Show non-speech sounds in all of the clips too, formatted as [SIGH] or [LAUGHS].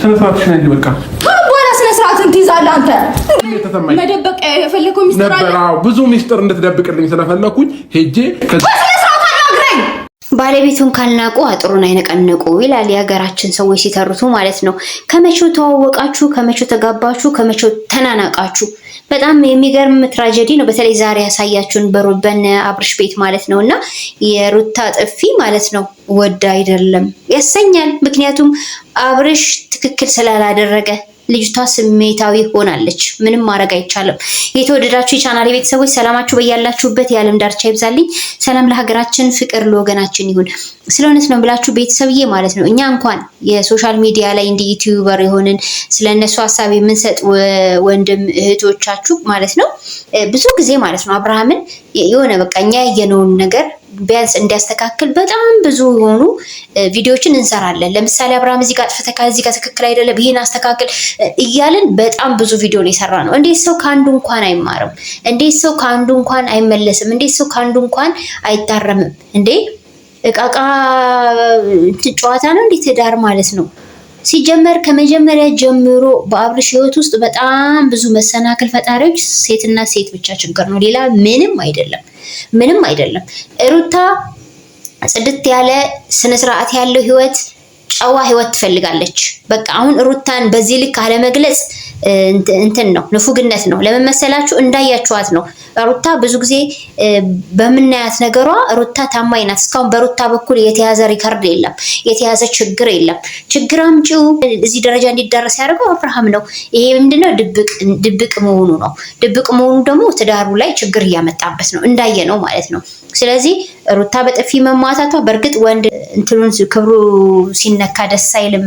ስነ ስርዓት ሽን በቃ ወራ ስነ ስርዓት እንትይዛለህ አንተ መደበቅ የፈለከው ሚስጥር ነበር። ብዙ ሚስጥር እንድትደብቅልኝ ስለፈለግኩኝ ሄጄ ባለቤቱን ካልናቁ አጥሩን አይነቀንቁ ይላል የሀገራችን ሰዎች ሲተርቱ ማለት ነው። ከመቼው ተዋወቃችሁ፣ ከመቼው ተጋባችሁ፣ ከመቼው ተናናቃችሁ? በጣም የሚገርም ትራጀዲ ነው። በተለይ ዛሬ ያሳያችሁን በሩበን አብርሽ ቤት ማለት ነው እና የሩታ ጥፊ ማለት ነው ወዳ አይደለም ያሰኛል። ምክንያቱም አብርሽ ትክክል ስላላደረገ ልጅቷ ስሜታዊ ሆናለች። ምንም ማድረግ አይቻልም። የተወደዳችሁ የቻናል ቤተሰቦች ሰላማችሁ በያላችሁበት የዓለም ዳርቻ ይብዛልኝ። ሰላም ለሀገራችን፣ ፍቅር ለወገናችን ይሁን። ስለ እውነት ነው ብላችሁ ቤተሰብዬ ማለት ነው እኛ እንኳን የሶሻል ሚዲያ ላይ እንደ ዩቲዩበር የሆንን ስለ እነሱ ሀሳብ የምንሰጥ ወንድም እህቶቻችሁ ማለት ነው ብዙ ጊዜ ማለት ነው አብርሃምን የሆነ በቃ እኛ ያየነውን ነገር ቢያንስ እንዲያስተካክል በጣም ብዙ የሆኑ ቪዲዮዎችን እንሰራለን። ለምሳሌ አብርሃም እዚህ ጋር አጥፍተካል፣ እዚህ ጋር ትክክል አይደለም፣ ይህን አስተካክል እያልን በጣም ብዙ ቪዲዮ ነው የሰራ ነው። እንዴት ሰው ከአንዱ እንኳን አይማርም? እንዴት ሰው ከአንዱ እንኳን አይመለስም? እንዴት ሰው ከአንዱ እንኳን አይታረምም? እንዴ እቃቃ ጨዋታ ነው እንዴ ትዳር ማለት ነው? ሲጀመር ከመጀመሪያ ጀምሮ በአብርሽ ህይወት ውስጥ በጣም ብዙ መሰናክል ፈጣሪዎች ሴትና ሴት ብቻ ችግር ነው፣ ሌላ ምንም አይደለም። ምንም አይደለም። ሩታ ጽድት ያለ ስነስርዓት ያለው ህይወት ጨዋ ህይወት ትፈልጋለች። በቃ አሁን ሩታን በዚህ ልክ አለመግለጽ እንትን ነው ንፉግነት ነው። ለምን መሰላችሁ? እንዳያችኋት ነው። ሩታ ብዙ ጊዜ በምናያት ነገሯ ሩታ ታማኝ ናት። እስካሁን በሩታ በኩል የተያዘ ሪከርድ የለም፣ የተያዘ ችግር የለም። ችግር አምጪው እዚህ ደረጃ እንዲደረስ ያደርገው አብርሃም ነው። ይሄ ምንድነው? ድብቅ መሆኑ ነው። ድብቅ መሆኑ ደግሞ ትዳሩ ላይ ችግር እያመጣበት ነው፣ እንዳየ ነው ማለት ነው። ስለዚህ ሩታ በጥፊ መማታቷ በእርግጥ ወንድ እንትኑን ክብሩ ሲነካ ደስ አይልም፣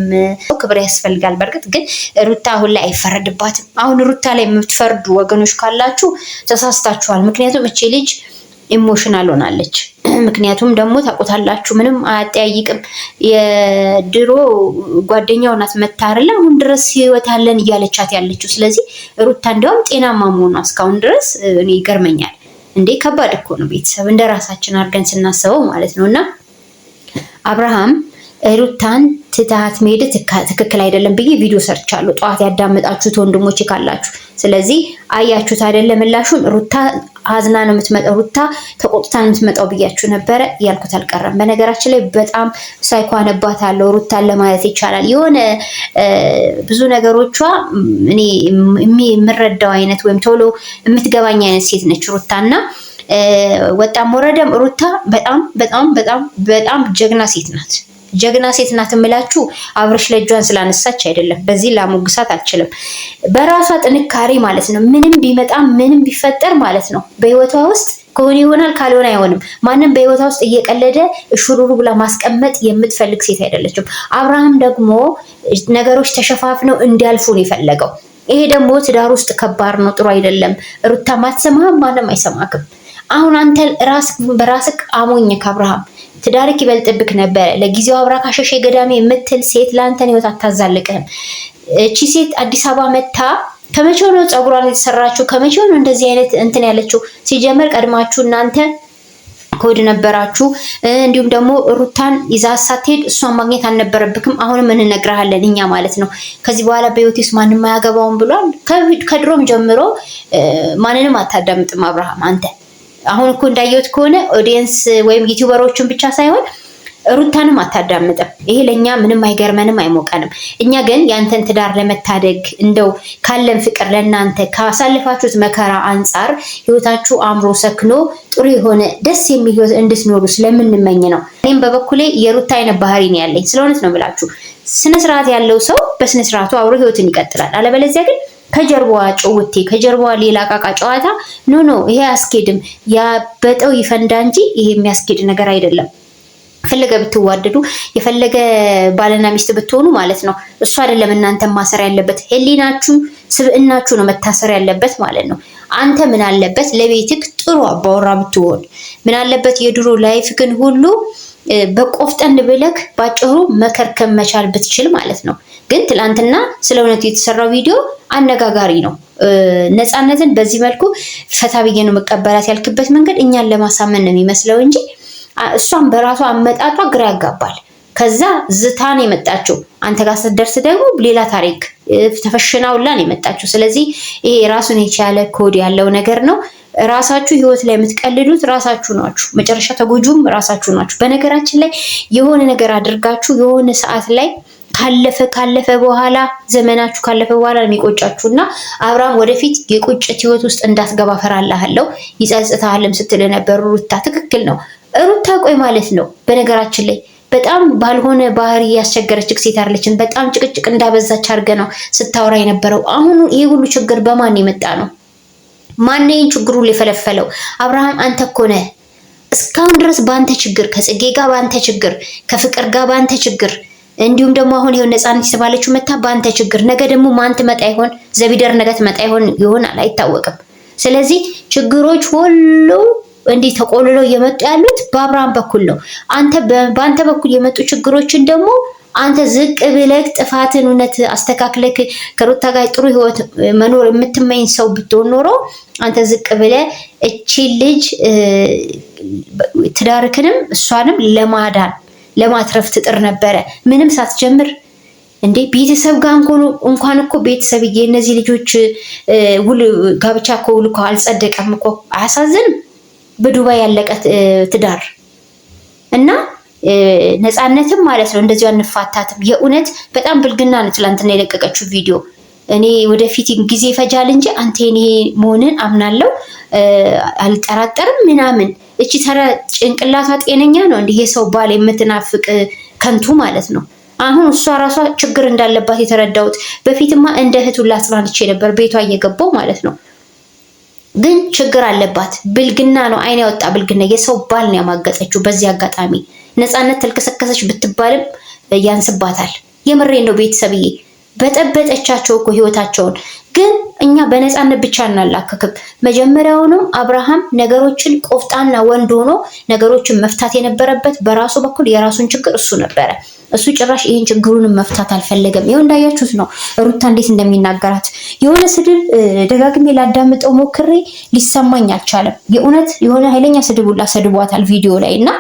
ክብር ያስፈልጋል። በእርግጥ ግን ሩታ አሁን ላይ አይፈረ አይፈረድባትም። አሁን ሩታ ላይ የምትፈርዱ ወገኖች ካላችሁ ተሳስታችኋል። ምክንያቱም እቺ ልጅ ኢሞሽናል ሆናለች። [CLEARS THROAT] ምክንያቱም ደግሞ ታቆታላችሁ፣ ምንም አያጠያይቅም። የድሮ ጓደኛው ናት መታረለ አሁን ድረስ ህይወት አለን እያለቻት ያለችው። ስለዚህ ሩታ እንዲያውም ጤናማ መሆኗ እስካሁን ድረስ እኔ ይገርመኛል። እንዴ ከባድ እኮ ነው ቤተሰብ፣ እንደ ራሳችን አድርገን ስናስበው ማለት ነው። እና አብርሃም ሩታን ትታት መሄድ ትክክል አይደለም ብዬ ቪዲዮ ሰርቻለሁ። ጠዋት ያዳመጣችሁት ወንድሞች ካላችሁ ስለዚህ አያችሁት አይደለም ምላሹን ሩታ አዝና ነው የምትመጣው፣ ሩታ ተቆጥታ ነው የምትመጣው ብያችሁ ነበረ። ያልኩት አልቀረም። በነገራችን ላይ በጣም ሳይኳነባት አለው ሩታን ለማለት ይቻላል። የሆነ ብዙ ነገሮቿ እኔ የምረዳው አይነት ወይም ቶሎ የምትገባኝ አይነት ሴት ነች ሩታና ወጣም ወረደም ሩታ በጣም በጣም በጣም በጣም ጀግና ሴት ናት። ጀግና ሴት ናት የምላችሁ አብርሽ ለእጇን ስላነሳች አይደለም። በዚህ ላሞግሳት አልችልም። በራሷ ጥንካሬ ማለት ነው። ምንም ቢመጣ ምንም ቢፈጠር ማለት ነው በህይወቷ ውስጥ ከሆነ ይሆናል፣ ካልሆነ አይሆንም። ማንም በህይወቷ ውስጥ እየቀለደ እሹሩሩ ብላ ማስቀመጥ የምትፈልግ ሴት አይደለችም። አብርሃም ደግሞ ነገሮች ተሸፋፍነው እንዲያልፉ ነው የፈለገው። ይሄ ደግሞ ትዳር ውስጥ ከባድ ነው፣ ጥሩ አይደለም። ሩታ ማትሰማህም፣ ማንም አይሰማክም። አሁን አንተ ራስ በራስክ አሞኝክ ከአብርሃም ትዳርክ ይበልጥብክ ነበረ። ለጊዜው አብራ ካሸሸ ገዳሜ የምትል ሴት ለአንተን ህይወት አታዛልቅህም። እቺ ሴት አዲስ አበባ መታ ከመቼው ነው ፀጉሯን የተሰራችው? ከመቼው ነው እንደዚህ አይነት እንትን ያለችው? ሲጀመር ቀድማችሁ እናንተ ኮድ ነበራችሁ። እንዲሁም ደግሞ ሩታን ይዛ ሳትሄድ እሷን ማግኘት አልነበረብክም። አሁንም እንነግርሃለን እኛ ማለት ነው። ከዚህ በኋላ በህይወቴ ውስጥ ማንም አያገባውም ብሏል። ከድሮም ጀምሮ ማንንም አታዳምጥም አብርሃም አንተን አሁን እኮ እንዳየሁት ከሆነ ኦዲየንስ ወይም ዩቲዩበሮቹን ብቻ ሳይሆን ሩታንም አታዳምጥም። ይሄ ለእኛ ምንም አይገርመንም አይሞቀንም። እኛ ግን ያንተን ትዳር ለመታደግ እንደው ካለን ፍቅር ለእናንተ ካሳልፋችሁት መከራ አንጻር ህይወታችሁ አእምሮ ሰክኖ ጥሩ የሆነ ደስ የሚል ህይወት እንድትኖሩ ስለምንመኝ ነው። እኔም በበኩሌ የሩታ አይነት ባህሪ ነው ያለኝ። ስለሆነት ነው ብላችሁ ስነስርዓት ያለው ሰው በስነስርዓቱ አብሮ ህይወትን ይቀጥላል። አለበለዚያ ግን ከጀርባዋ ጭውቴ ከጀርባዋ ሌላ ቃቃ ጨዋታ ኖ ኖ፣ ይሄ አያስኬድም። ያበጠው ይፈንዳ እንጂ ይሄ የሚያስኬድ ነገር አይደለም። የፈለገ ብትዋደዱ የፈለገ ባልና ሚስት ብትሆኑ ማለት ነው፣ እሱ አይደለም እናንተ ማሰር ያለበት ሕሊናችሁ ስብዕናችሁ ነው መታሰር ያለበት ማለት ነው። አንተ ምን አለበት ለቤትክ ጥሩ አባወራ ብትሆን ምን አለበት የድሮ ላይፍ ግን ሁሉ በቆፍጠን ብለክ ባጭሩ መከርከም መቻል ብትችል ማለት ነው። ግን ትላንትና ስለ እውነቱ የተሰራው ቪዲዮ አነጋጋሪ ነው። ነፃነትን በዚህ መልኩ ፈታ ብዬ ነው መቀበላት ያልክበት መንገድ እኛን ለማሳመን ነው የሚመስለው እንጂ እሷን በራሷ አመጣጧ ግራ ያጋባል። ከዛ ዝታን የመጣችው አንተ ጋር ስትደርስ ደግሞ ሌላ ታሪክ ተፈሽናውላን የመጣችው። ስለዚህ ይሄ ራሱን የቻለ ኮድ ያለው ነገር ነው። ራሳችሁ ህይወት ላይ የምትቀልዱት ራሳችሁ ናችሁ። መጨረሻ ተጎጂውም ራሳችሁ ናችሁ። በነገራችን ላይ የሆነ ነገር አድርጋችሁ የሆነ ሰዓት ላይ ካለፈ ካለፈ በኋላ ዘመናችሁ ካለፈ በኋላ የሚቆጫችሁ እና አብርሃም ወደፊት የቁጭት ህይወት ውስጥ እንዳትገባ ፈራልሃለሁ፣ ይጸጽትሃልም ስትል ነበር ሩታ። ትክክል ነው ሩታ። ቆይ ማለት ነው በነገራችን ላይ በጣም ባልሆነ ባህሪ ያስቸገረች ሴት አለችን። በጣም ጭቅጭቅ እንዳበዛች አድርገ ነው ስታወራ የነበረው። አሁን ይህ ሁሉ ችግር በማን የመጣ ነው? ማነይን ችግሩን የፈለፈለው አብርሃም አንተ እኮ ነህ። እስካሁን ድረስ በአንተ ችግር ከጽጌ ጋር በአንተ ችግር ከፍቅር ጋር በአንተ ችግር እንዲሁም ደግሞ አሁን ይሄው ነፃነት የተባለችው መታ በአንተ ችግር ነገ ደግሞ ማን ትመጣ ይሆን ዘቢደር ነገ ትመጣ ይሆን ይሆናል አይታወቅም። ስለዚህ ችግሮች ሁሉ እንዲህ ተቆልለው እየመጡ ያሉት በአብርሃም በኩል ነው። አንተ በአንተ በኩል የመጡ ችግሮችን ደግሞ አንተ ዝቅ ብለክ ጥፋትን እውነት አስተካክለክ ከሩታ ጋር ጥሩ ህይወት መኖር የምትመኝ ሰው ብትሆን ኖሮ አንተ ዝቅ ብለ እቺ ልጅ ትዳርክንም እሷንም ለማዳን ለማትረፍ ትጥር ነበረ። ምንም ሳትጀምር እንዴ ቤተሰብ ጋር እንኳን እኮ ቤተሰብዬ፣ እነዚህ ልጆች ውል ጋብቻ እኮ ውል እኮ አልጸደቀም እኮ አያሳዝንም? በዱባይ ያለቀ ትዳር እና ነፃነትም ማለት ነው እንደዚሁ አንፋታትም። የእውነት በጣም ብልግና ነው ትላንትና የለቀቀችው ቪዲዮ። እኔ ወደፊት ጊዜ ይፈጃል እንጂ አንተ የኔ መሆንን አምናለሁ አልጠራጠርም ምናምን። እቺ ተረ ጭንቅላቷ ጤነኛ ነው እንዲህ የሰው ባል የምትናፍቅ ከንቱ ማለት ነው። አሁን እሷ ራሷ ችግር እንዳለባት የተረዳሁት በፊትማ እንደ እህቱ ላጽናንቼ ነበር ቤቷ እየገባው ማለት ነው። ግን ችግር አለባት። ብልግና ነው፣ አይን ያወጣ ብልግና። የሰው ባል ነው ያማገጠችው በዚህ አጋጣሚ ነፃነት ተልከሰከሰች ብትባልም ያንስባታል። የምሬ ነው ቤተሰብዬ በጠበጠቻቸው እኮ ህይወታቸውን። ግን እኛ በነፃነት ብቻ እናላከክም። መጀመሪያውንም አብርሃም ነገሮችን ቆፍጣና ወንድ ሆኖ ነገሮችን መፍታት የነበረበት በራሱ በኩል የራሱን ችግር እሱ ነበረ። እሱ ጭራሽ ይህን ችግሩንም መፍታት አልፈለገም። ይኸው እንዳያችሁት ነው ሩታ እንዴት እንደሚናገራት። የሆነ ስድብ ደጋግሜ ላዳምጠው ሞክሬ ሊሰማኝ አልቻለም። የእውነት የሆነ ኃይለኛ ስድቡላ ሰድቧታል ቪዲዮ ላይ እና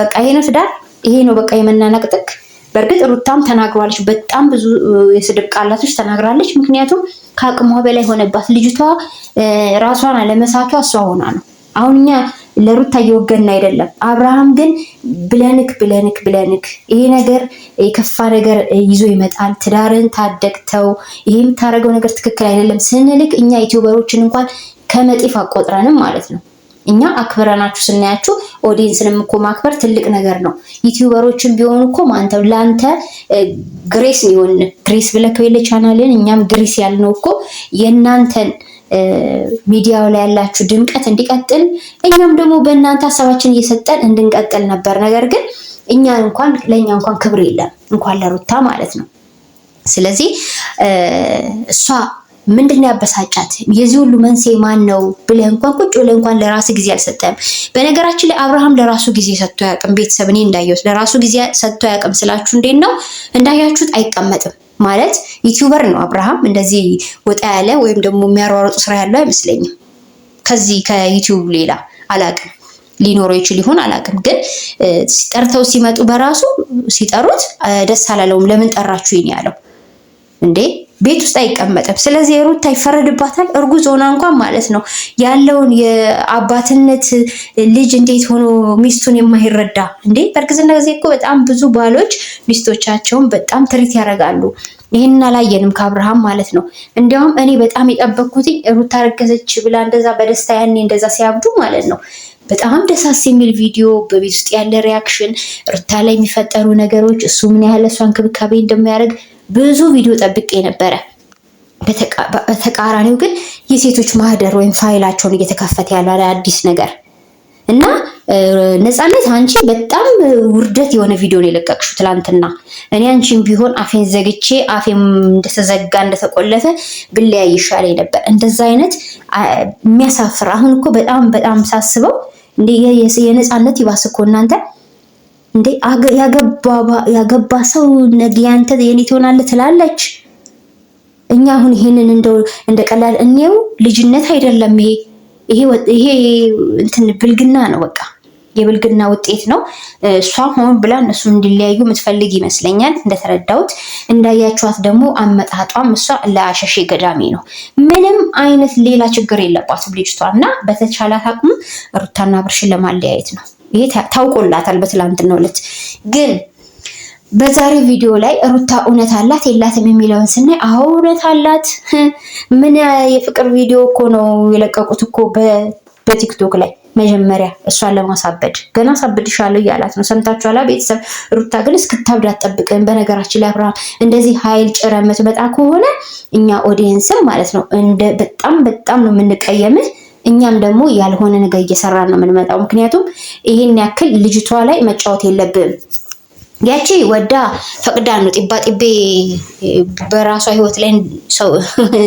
በቃ ይሄ ነው ትዳር፣ ይሄ ነው በቃ የመናናቅ ጥግ በእርግጥ ሩታም ተናግሯለች። በጣም ብዙ የስድብ ቃላቶች ተናግራለች። ምክንያቱም ከአቅሟ በላይ ሆነባት ልጅቷ። ራሷን አለመሳቷ እሷ ሆና ነው። አሁን እኛ ለሩታ እየወገን አይደለም። አብርሃም ግን ብለንክ ብለንክ ብለንክ ይሄ ነገር የከፋ ነገር ይዞ ይመጣል። ትዳርን ታደግተው ይሄ የምታደርገው ነገር ትክክል አይደለም ስንልክ እኛ ዩቲዩበሮችን እንኳን ከመጤፍ አቆጥረንም ማለት ነው እኛ አክብረናችሁ ስናያችሁ ኦዲየንስንም እኮ ማክበር ትልቅ ነገር ነው። ዩቲዩበሮችን ቢሆኑ እኮ ማንተ ለአንተ ግሬስ ይሆን ግሬስ ብለህ ከሌለ ቻናልን እኛም ግሬስ ያልነው እኮ የእናንተን ሚዲያው ላይ ያላችሁ ድምቀት እንዲቀጥል እኛም ደግሞ በእናንተ ሀሳባችን እየሰጠን እንድንቀጥል ነበር። ነገር ግን እኛ እንኳን ለእኛ እንኳን ክብር የለም እንኳን ለሩታ ማለት ነው። ስለዚህ እሷ ምንድን ነው ያበሳጫት? የዚህ ሁሉ መንስኤ ማን ነው ብለህ እንኳን ቁጭ ብለህ እንኳን ለራስ ጊዜ አልሰጠም። በነገራችን ላይ አብርሃም ለራሱ ጊዜ ሰጥቶ አያውቅም። ቤተሰብ እኔ እንዳየሁት ለራሱ ጊዜ ሰጥቶ አያውቅም ስላችሁ እንዴት ነው እንዳያችሁት አይቀመጥም ማለት ዩቲዩበር ነው አብርሃም። እንደዚህ ወጣ ያለ ወይም ደግሞ የሚያሯሯጡ ስራ ያለው አይመስለኝም። ከዚህ ከዩቲዩብ ሌላ አላውቅም ሊኖረው ይችል ይሆን አላውቅም። ግን ጠርተው ሲመጡ በራሱ ሲጠሩት ደስ አላለውም። ለምን ጠራችሁ ይሄን ያለው እንዴ ቤት ውስጥ አይቀመጥም። ስለዚህ ሩታ ይፈረድባታል። እርጉዝ ሆና እንኳን ማለት ነው ያለውን የአባትነት ልጅ እንዴት ሆኖ ሚስቱን የማይረዳ እንዴ! በእርግዝና ጊዜ እኮ በጣም ብዙ ባሎች ሚስቶቻቸውን በጣም ትሪት ያደርጋሉ። ይህንን አላየንም ከአብርሃም ማለት ነው። እንዲያውም እኔ በጣም የጠበቅኩትኝ ሩታ ረገዘች ብላ እንደዛ በደስታ ያኔ እንደዛ ሲያብዱ ማለት ነው በጣም ደሳስ የሚል ቪዲዮ በቤት ውስጥ ያለ ሪያክሽን፣ ሩታ ላይ የሚፈጠሩ ነገሮች፣ እሱ ምን ያህል እሷ እንክብካቤ እንደሚያደርግ ብዙ ቪዲዮ ጠብቄ ነበረ። በተቃራኒው ግን የሴቶች ማህደር ወይም ፋይላቸውን እየተከፈተ ያለ አዲስ ነገር እና ነፃነት አንቺ በጣም ውርደት የሆነ ቪዲዮ ነው የለቀቅሽው ትላንትና። እኔ አንቺን ቢሆን አፌን ዘግቼ አፌም እንደተዘጋ እንደተቆለፈ ብለያ ይሻለኝ ነበር። እንደዛ አይነት የሚያሳፍር አሁን እኮ በጣም በጣም ሳስበው የነፃነት ይባስ እኮ እናንተ እንዴ ያገባ ሰው ነገ ያንተ የኔ ትሆናለህ ትላለች። እኛ አሁን ይሄንን እንደቀላል እኔው ልጅነት አይደለም ይሄ ይሄ እንትን ብልግና ነው፣ በቃ የብልግና ውጤት ነው። እሷ ሆን ብላ እነሱ እንዲለያዩ የምትፈልግ ይመስለኛል እንደተረዳሁት። እንዳያችኋት ደግሞ አመጣጧም እሷ ለአሸሼ ገዳሚ ነው። ምንም አይነት ሌላ ችግር የለባትም ልጅቷ እና በተቻላት አቅሙ ሩታና ብርሽን ለማለያየት ነው። ይሄ ታውቆላታል በትላንትናው ዕለት ግን በዛሬው ቪዲዮ ላይ ሩታ እውነት አላት የላትም የሚለውን ስናይ፣ አዎ እውነት አላት። [LAUGHS] ምን የፍቅር ቪዲዮ እኮ ነው የለቀቁት እኮ በቲክቶክ ላይ መጀመሪያ እሷን ለማሳበድ ገና አሳብድሻለሁ እያላት ነው። ሰምታችኋላ ቤተሰብ። ሩታ ግን እስክታብድ አትጠብቅም። በነገራችን ላይ አብርሃም እንደዚህ ኃይል ጭረመት የምትመጣ ከሆነ እኛ ኦዲየንስም ማለት ነው በጣም በጣም ነው የምንቀየምህ። እኛም ደግሞ ያልሆነ ነገር እየሰራን ነው የምንመጣው። ምክንያቱም ይህን ያክል ልጅቷ ላይ መጫወት የለብንም። ያቺ ወዳ ፈቅዳ ነው ጢባ ጢቤ በራሷ ህይወት ላይ ሰው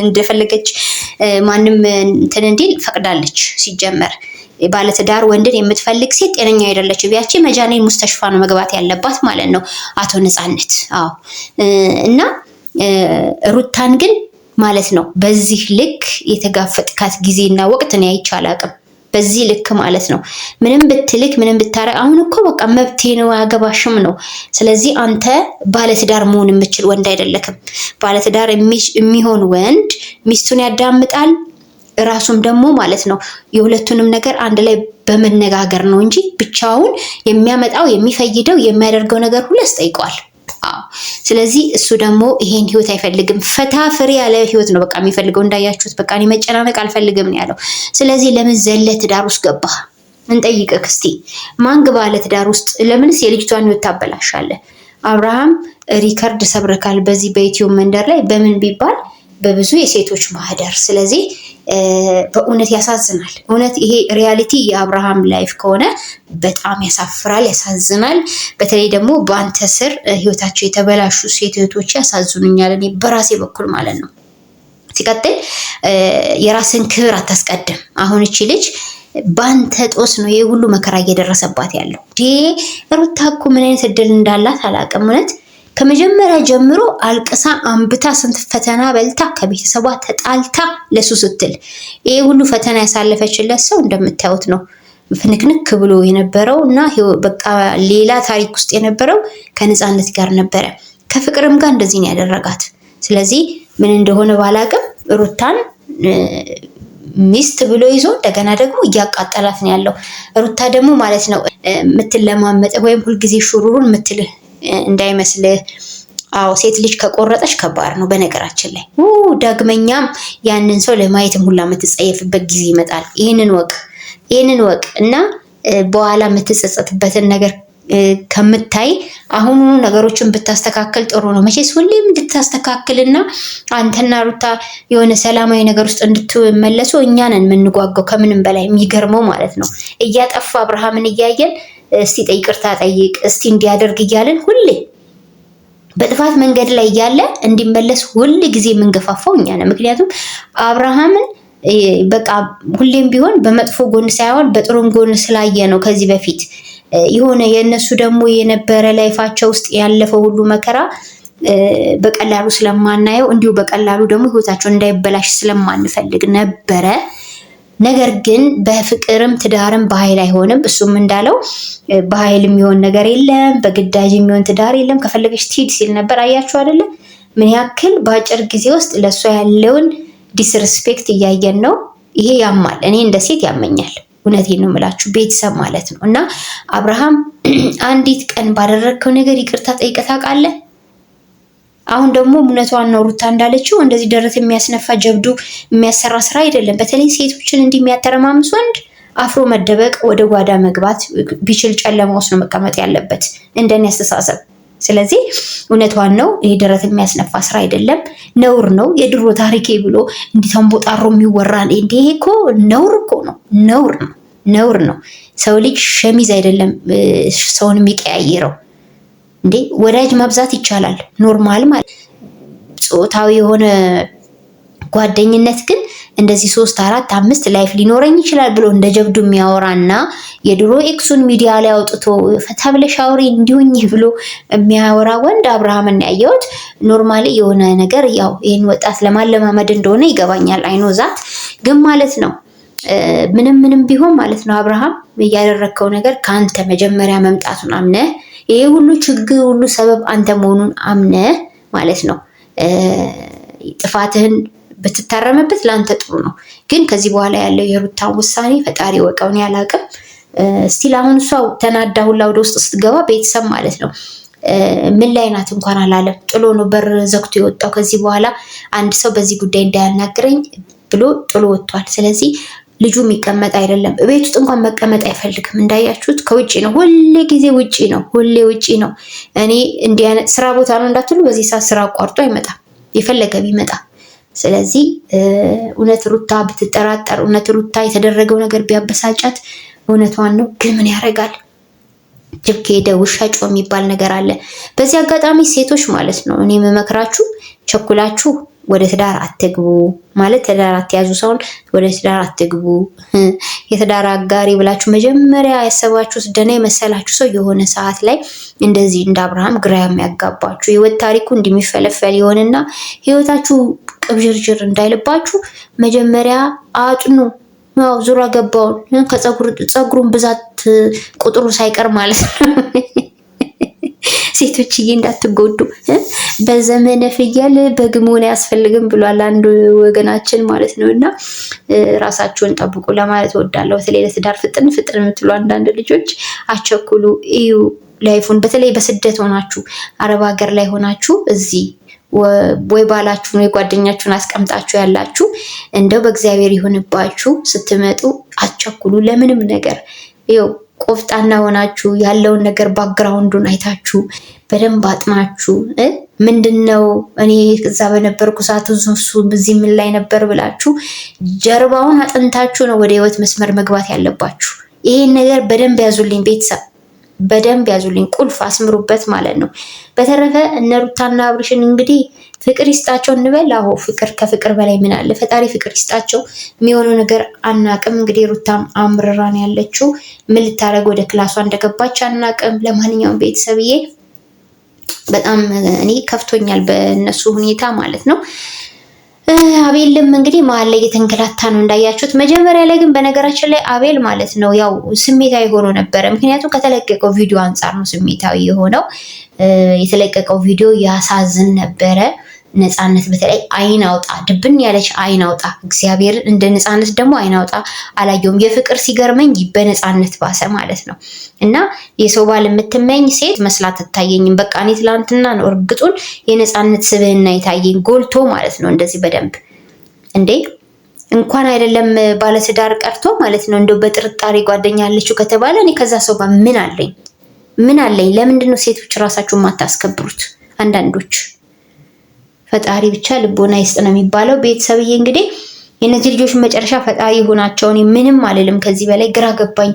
እንደፈለገች ማንም እንትን እንዲል ፈቅዳለች። ሲጀመር ባለትዳር ወንድን የምትፈልግ ሴት ጤነኛ አይደለችም። ያቺ መጃኔ ሙስተሽፋ ነው መግባት ያለባት ማለት ነው። አቶ ነፃነት አዎ። እና ሩታን ግን ማለት ነው በዚህ ልክ የተጋፈጥካት ጊዜና ወቅት እኔ አይቼ አላቅም። በዚህ ልክ ማለት ነው። ምንም ብትልክ ምንም ብታረግ፣ አሁን እኮ በቃ መብቴ ነው አያገባሽም ነው። ስለዚህ አንተ ባለትዳር መሆን የምችል ወንድ አይደለክም። ባለትዳር የሚሆን ወንድ ሚስቱን ያዳምጣል ራሱም ደግሞ ማለት ነው የሁለቱንም ነገር አንድ ላይ በመነጋገር ነው እንጂ ብቻውን የሚያመጣው የሚፈይደው የሚያደርገው ነገር ሁሉ ያስጠይቀዋል። ስለዚህ እሱ ደግሞ ይሄን ህይወት አይፈልግም። ፈታ ፍሬ ያለ ህይወት ነው በቃ የሚፈልገው። እንዳያችሁት በቃ እኔ መጨናነቅ አልፈልግም ነው ያለው። ስለዚህ ለምን ዘለ ትዳር ውስጥ ገባ እንጠይቅህ እስቲ። ማን ግባ ለትዳር ውስጥ? ለምንስ የልጅቷን ህይወት ታበላሻለህ? አብርሃም ሪከርድ ሰብረካል በዚህ በኢትዮ መንደር ላይ በምን ቢባል በብዙ የሴቶች ማህደር። ስለዚህ በእውነት ያሳዝናል። እውነት ይሄ ሪያሊቲ የአብርሃም ላይፍ ከሆነ በጣም ያሳፍራል፣ ያሳዝናል። በተለይ ደግሞ በአንተ ስር ህይወታቸው የተበላሹ ሴት እህቶች ያሳዝኑኛል፣ እኔ በራሴ በኩል ማለት ነው። ሲቀጥል የራስን ክብር አታስቀድም። አሁን እቺ ልጅ በአንተ ጦስ ነው ይሄ ሁሉ መከራ እየደረሰባት ያለው። ሩታ እኮ ምን አይነት እድል እንዳላት አላውቅም እውነት ከመጀመሪያ ጀምሮ አልቅሳ አንብታ ስንት ፈተና በልታ ከቤተሰቧ ተጣልታ ለሱ ስትል ይሄ ሁሉ ፈተና ያሳለፈችለት ሰው እንደምታዩት ነው ፍንክንክ ብሎ የነበረው እና በቃ ሌላ ታሪክ ውስጥ የነበረው ከነፃነት ጋር ነበረ። ከፍቅርም ጋር እንደዚህ ነው ያደረጋት። ስለዚህ ምን እንደሆነ ባላቅም ሩታን ሚስት ብሎ ይዞ እንደገና ደግሞ እያቃጠላት ነው ያለው። ሩታ ደግሞ ማለት ነው የምትለማመጥ ወይም ሁልጊዜ ሹሩሩን የምትል እንዳይመስልህ። አዎ ሴት ልጅ ከቆረጠች ከባድ ነው። በነገራችን ላይ ዳግመኛም ያንን ሰው ለማየትም ሁላ የምትጸየፍበት ጊዜ ይመጣል። ይህንን ወቅ ይህንን ወቅ እና በኋላ የምትጸጸትበትን ነገር ከምታይ አሁኑ ነገሮችን ብታስተካከል ጥሩ ነው። መቼስ ሁሌም እና አንተና ሩታ የሆነ ሰላማዊ ነገር ውስጥ እንድትመለሱ እኛንን የምንጓጓው ከምንም በላይ የሚገርመው ማለት ነው። እያጠፋ አብርሃምን እያየን እስቲ ይቅርታ ጠይቅ፣ እስቲ እንዲያደርግ እያለን ሁሌ በጥፋት መንገድ ላይ እያለ እንዲመለስ ሁል ጊዜ የምንገፋፋው እኛ ነን። ምክንያቱም አብርሃምን በቃ ሁሌም ቢሆን በመጥፎ ጎን ሳይሆን በጥሩም ጎን ስላየ ነው ከዚህ በፊት የሆነ የእነሱ ደግሞ የነበረ ላይፋቸው ውስጥ ያለፈው ሁሉ መከራ በቀላሉ ስለማናየው እንዲሁ በቀላሉ ደግሞ ህይወታቸው እንዳይበላሽ ስለማንፈልግ ነበረ ነገር ግን በፍቅርም ትዳርም በኃይል አይሆንም። እሱም እንዳለው በኃይል የሚሆን ነገር የለም፣ በግዳጅ የሚሆን ትዳር የለም፣ ከፈለገች ትሂድ ሲል ነበር። አያችሁ አይደለ? ምን ያክል በአጭር ጊዜ ውስጥ ለእሷ ያለውን ዲስርስፔክት እያየን ነው። ይሄ ያማል። እኔ እንደ ሴት ያመኛል። እውነቴን ነው የምላችሁ፣ ቤተሰብ ማለት ነው። እና አብርሃም [CLEARS THROAT] አንዲት ቀን ባደረግከው ነገር ይቅርታ ጠይቀህ ታውቃለህ? አሁን ደግሞ እውነቷን ነው ሩታ እንዳለችው እንደዚህ ደረት የሚያስነፋ ጀብዱ የሚያሰራ ስራ አይደለም። በተለይ ሴቶችን እንዲህ የሚያተረማምስ ወንድ አፍሮ መደበቅ፣ ወደ ጓዳ መግባት ቢችል ጨለማ ውስጥ ነው መቀመጥ ያለበት እንደኔ አስተሳሰብ። ስለዚህ እውነቷን ነው። ይሄ ደረት የሚያስነፋ ስራ አይደለም፣ ነውር ነው። የድሮ ታሪኬ ብሎ እንዲተንቦጣሮ የሚወራ እንዴ! ይሄ እኮ ነውር እኮ ነው፣ ነውር ነው፣ ነውር ነው። ሰው ልጅ ሸሚዝ አይደለም ሰውን የሚቀያይረው እንዴ ወዳጅ ማብዛት ይቻላል። ኖርማል ማለት ጾታዊ የሆነ ጓደኝነት ግን እንደዚህ ሶስት አራት አምስት ላይፍ ሊኖረኝ ይችላል ብሎ እንደ ጀብዱ የሚያወራና የድሮ ኤክሱን ሚዲያ ላይ አውጥቶ ፈታብለሽ አውሪ እንዲሁኝ ብሎ የሚያወራ ወንድ አብርሃም ያየሁት ኖርማሊ የሆነ ነገር ያው ይህን ወጣት ለማለማመድ እንደሆነ ይገባኛል። አይኖ ዛት ግን ማለት ነው ምንም ምንም ቢሆን ማለት ነው አብርሃም ያደረግከው ነገር ከአንተ መጀመሪያ መምጣቱን አምነህ ይሄ ሁሉ ችግር ሁሉ ሰበብ አንተ መሆኑን አምነ ማለት ነው ጥፋትህን ብትታረምበት ለአንተ ጥሩ ነው። ግን ከዚህ በኋላ ያለው የሩታን ውሳኔ ፈጣሪ ወቀውን ያላቅም። ስቲል አሁን እሷ ተናዳ ሁላ ወደ ውስጥ ስትገባ ቤተሰብ ማለት ነው ምን ላይ ናት እንኳን አላለም። ጥሎ ነው በር ዘግቶ የወጣው። ከዚህ በኋላ አንድ ሰው በዚህ ጉዳይ እንዳያናግረኝ ብሎ ጥሎ ወጥቷል። ስለዚህ ልጁ የሚቀመጥ አይደለም። ቤት ውስጥ እንኳን መቀመጥ አይፈልግም። እንዳያችሁት ከውጭ ነው፣ ሁሌ ጊዜ ውጭ ነው፣ ሁሌ ውጭ ነው። እኔ እንዲህ ስራ ቦታ ነው እንዳትሉ፣ በዚህ ሰዓት ስራ አቋርጦ አይመጣም፣ የፈለገ ቢመጣ። ስለዚህ እውነት ሩታ ብትጠራጠር፣ እውነት ሩታ የተደረገው ነገር ቢያበሳጫት እውነቷን ነው። ግን ምን ያደርጋል ጅብ ከሄደ ውሻ የሚባል ነገር አለ። በዚህ አጋጣሚ ሴቶች ማለት ነው እኔ የምመክራችሁ ቸኩላችሁ ወደ ትዳር አትግቡ ማለት ትዳር አትያዙ ሰውን ወደ ትዳር አትግቡ። የትዳር አጋሪ ብላችሁ መጀመሪያ ያሰባችሁት ደህና የመሰላችሁ ሰው የሆነ ሰዓት ላይ እንደዚህ እንደ አብርሃም ግራ የሚያጋባችሁ ህይወት ታሪኩ እንደሚፈለፈል ይሆንና ህይወታችሁ ቅብዥርጅር እንዳይልባችሁ መጀመሪያ አጥኑ። ያው ዙራ ገባውን ከፀጉሩን ብዛት ቁጥሩ ሳይቀር ማለት ነው። ሴቶችዬ እንዳትጎዱ በዘመነ ፍየል በግሞን አያስፈልግም ብሏል አንዱ ወገናችን ማለት ነው። እና ራሳችሁን ጠብቁ ለማለት እወዳለሁ። በተለይ ለትዳር ፍጥን ፍጥን የምትሉ አንዳንድ ልጆች አቸኩሉ። እዩ ላይፉን በተለይ በስደት ሆናችሁ አረብ ሀገር ላይ ሆናችሁ እዚህ ወይ ባላችሁን ወይ ጓደኛችሁን አስቀምጣችሁ ያላችሁ እንደው በእግዚአብሔር ይሁንባችሁ። ስትመጡ አቸኩሉ ለምንም ነገር ይኸው ቆፍጣና ሆናችሁ ያለውን ነገር ባክግራውንዱን አይታችሁ በደንብ አጥናችሁ ምንድን ነው እኔ እዛ በነበርኩ ሰዓት እሱ እዚህ ምን ላይ ነበር ብላችሁ ጀርባውን አጥንታችሁ ነው ወደ ህይወት መስመር መግባት ያለባችሁ። ይሄን ነገር በደንብ ያዙልኝ ቤተሰብ፣ በደንብ ያዙልኝ ቁልፍ አስምሩበት ማለት ነው። በተረፈ እነ ሩታና አብርሽን እንግዲህ ፍቅር ይስጣቸው እንበል። አሁ ፍቅር ከፍቅር በላይ ምን አለ? ፈጣሪ ፍቅር ይስጣቸው። የሚሆነው ነገር አናቅም። እንግዲህ ሩታም አምርራ ነው ያለችው። ምን ልታደርግ ወደ ክላሷ እንደገባች አናቅም። ለማንኛውም ቤተሰብዬ በጣም እኔ ከፍቶኛል በእነሱ ሁኔታ ማለት ነው። አቤልም እንግዲህ መሀል ላይ የተንገላታ ነው እንዳያችሁት። መጀመሪያ ላይ ግን በነገራችን ላይ አቤል ማለት ነው ያው ስሜታዊ ሆኖ ነበረ። ምክንያቱም ከተለቀቀው ቪዲዮ አንጻር ነው ስሜታዊ የሆነው። የተለቀቀው ቪዲዮ ያሳዝን ነበረ። ነፃነት በተለይ አይን አውጣ ድብን ያለች አይን አውጣ እግዚአብሔርን እንደ ነፃነት ደግሞ አይን አውጣ አላየውም። የፍቅር ሲገርመኝ በነፃነት ባሰ ማለት ነው። እና የሰው ባል የምትመኝ ሴት መስላት ትታየኝም። በቃ እኔ ትላንትና ነው እርግጡን የነፃነት ስብህና የታየኝ ጎልቶ ማለት ነው። እንደዚህ በደንብ እንዴ እንኳን አይደለም ባለትዳር ቀርቶ ማለት ነው። እንደው በጥርጣሬ ጓደኛ አለችው ከተባለ እኔ ከዛ ሰው ጋር ምን አለኝ? ምን አለኝ? ለምንድን ነው ሴቶች ራሳችሁ የማታስከብሩት አንዳንዶች? ፈጣሪ ብቻ ልቦና ይስጥ ነው የሚባለው። ቤተሰብዬ እንግዲህ የእነዚህ ልጆች መጨረሻ ፈጣሪ ሆናቸው። እኔ ምንም አልልም ከዚህ በላይ ግራ ገባኝ።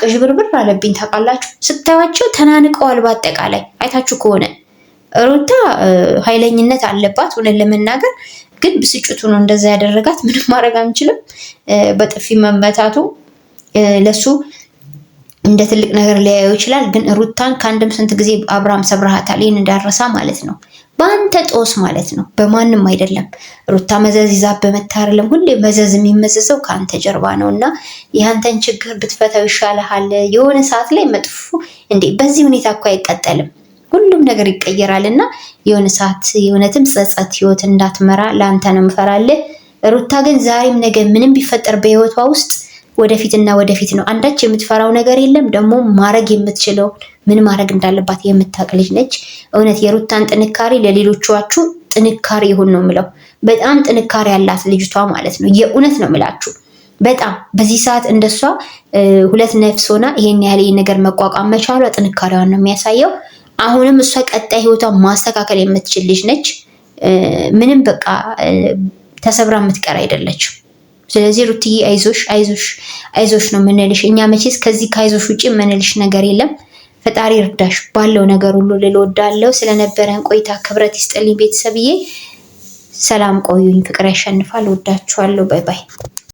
ቅዥብርብር አለብኝ ታውቃላችሁ። ስታዩዋቸው ተናንቀዋል። በአጠቃላይ አይታችሁ ከሆነ ሩታ ኃይለኝነት አለባት እውነት ለመናገር ግን ብስጭቱ ነው እንደዛ ያደረጋት። ምንም ማድረግ አንችልም። በጥፊ መመታቱ ለሱ እንደ ትልቅ ነገር ሊያየው ይችላል። ግን ሩታን ከአንድም ስንት ጊዜ አብርሃም ሰብረሃታል፣ ይህን እንዳረሳ ማለት ነው። በአንተ ጦስ ማለት ነው፣ በማንም አይደለም። ሩታ መዘዝ ይዛ በመታረለም ሁሌ መዘዝ የሚመዘዘው ከአንተ ጀርባ ነው እና የአንተን ችግር ብትፈታው ይሻልሃል። የሆነ ሰዓት ላይ መጥፎ እንዴ፣ በዚህ ሁኔታ እኮ አይቀጠልም። ሁሉም ነገር ይቀየራል እና የሆነ ሰዓት የእውነትም ጸጸት ህይወት እንዳትመራ ለአንተ ነው ምፈራለ። ሩታ ግን ዛሬም ነገ ምንም ቢፈጠር በህይወቷ ውስጥ ወደፊትና ወደፊት ነው። አንዳች የምትፈራው ነገር የለም። ደግሞ ማድረግ የምትችለው ምን ማድረግ እንዳለባት የምታውቅ ልጅ ነች። እውነት የሩታን ጥንካሬ ለሌሎቻችሁ ጥንካሬ ይሁን ነው የምለው። በጣም ጥንካሬ ያላት ልጅቷ ማለት ነው። የእውነት ነው የምላችሁ። በጣም በዚህ ሰዓት እንደሷ ሁለት ነፍስ ሆና ይሄን ያህል ነገር መቋቋም መቻሏ ጥንካሬዋን ነው የሚያሳየው። አሁንም እሷ ቀጣይ ህይወቷ ማስተካከል የምትችል ልጅ ነች። ምንም በቃ ተሰብራ የምትቀር አይደለችም። ስለዚህ ሩትዬ አይዞሽ አይዞሽ አይዞሽ ነው የምንልሽ። እኛ መቼስ ከዚህ ከአይዞሽ ውጭ የምንልሽ ነገር የለም። ፈጣሪ እርዳሽ። ባለው ነገር ሁሉ ልል ስለነበረን ቆይታ ክብረት ይስጥልኝ ቤተሰብዬ። ሰላም ቆዩኝ። ፍቅር ያሸንፋል። ወዳችኋለሁ። ባይ ባይ።